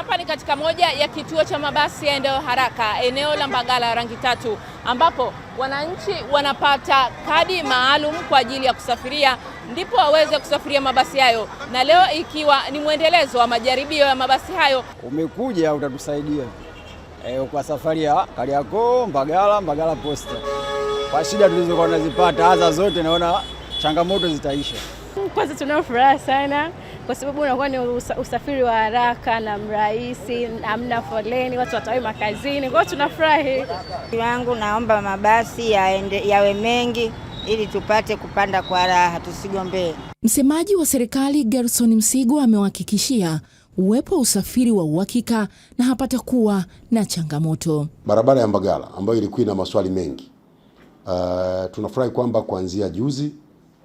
Hapa ni katika moja ya kituo cha mabasi yaendayo haraka eneo la Mbagala rangi tatu, ambapo wananchi wanapata kadi maalum kwa ajili ya kusafiria, ndipo waweze kusafiria mabasi hayo, na leo ikiwa ni mwendelezo wa majaribio ya mabasi hayo. Umekuja utatusaidia e, kwa safari ya Kariakoo Mbagala, Mbagala Posta. Kwa shida tulizokuwa tunazipata hasa zote, naona changamoto zitaisha. Kwanza tunao furaha sana kwa sababu unakuwa ni usafiri wa haraka na mrahisi, hamna foleni, watu watawai makazini kwao, tunafurahi. Wangu naomba mabasi yaende, yawe mengi ili tupate kupanda kwa raha, tusigombee. Msemaji wa serikali Gerson msigo amewahakikishia uwepo wa usafiri wa uhakika na hapata kuwa na changamoto. Barabara ya Mbagala ambayo ilikuwa ina maswali mengi, uh, tunafurahi kwamba kuanzia juzi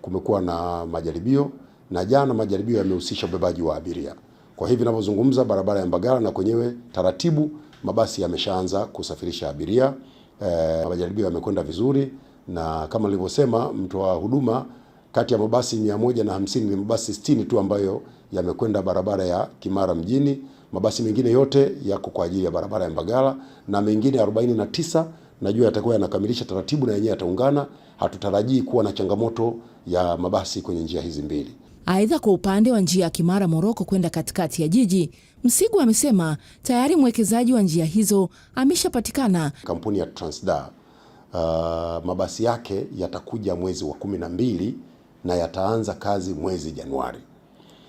kumekuwa na majaribio na jana majaribio yamehusisha ubebaji wa abiria. Kwa hivi ninavyozungumza, barabara ya Mbagala na kwenyewe taratibu mabasi yameshaanza kusafirisha abiria eh, majaribio yamekwenda vizuri, na kama nilivyosema, mtoa huduma kati ya mabasi mia moja na hamsini ni mabasi sitini tu ambayo yamekwenda barabara ya Kimara mjini. Mabasi mengine yote yako kwa ajili ya barabara ya Mbagala na mengine 49 najua yatakuwa yanakamilisha taratibu na yenyewe yataungana. Hatutarajii kuwa na changamoto ya mabasi kwenye njia hizi mbili. Aidha, kwa upande wa njia ya Kimara Moroko kwenda katikati ya jiji, Msigwa amesema tayari mwekezaji wa njia hizo ameshapatikana. Kampuni ya Transda uh, mabasi yake yatakuja mwezi wa kumi na mbili na yataanza kazi mwezi Januari.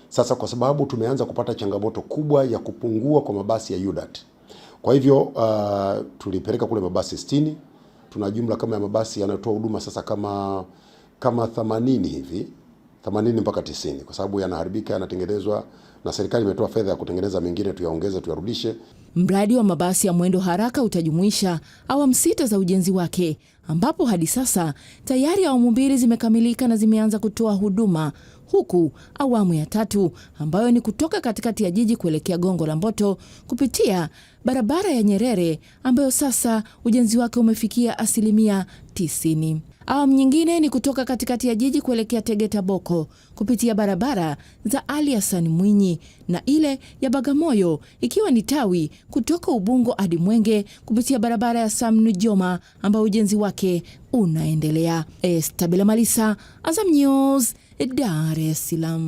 Sasa kwa sababu tumeanza kupata changamoto kubwa ya kupungua kwa mabasi ya UDAT, kwa hivyo uh, tulipeleka kule mabasi sitini. Tuna jumla kama ya mabasi yanayotoa huduma sasa kama kama 80 hivi. 80 mpaka 90 kwa sababu yanaharibika, yanatengenezwa na serikali imetoa fedha ya kutengeneza mengine, tuyaongeze, tuyarudishe. Mradi wa mabasi ya mwendo haraka utajumuisha awamu sita za ujenzi wake, ambapo hadi sasa tayari awamu mbili zimekamilika na zimeanza kutoa huduma, huku awamu ya tatu ambayo ni kutoka katikati ya jiji kuelekea Gongo la Mboto kupitia barabara ya Nyerere ambayo sasa ujenzi wake umefikia asilimia 90. Awamu nyingine ni kutoka katikati ya jiji kuelekea Tegeta Boko kupitia barabara za Ali Hassan Mwinyi na ile ya Bagamoyo ikiwa ni tawi kutoka Ubungo hadi Mwenge kupitia barabara ya Sam Nujoma ambayo ujenzi wake unaendelea. Estabela Malisa, Azam News, Dar es Salaam.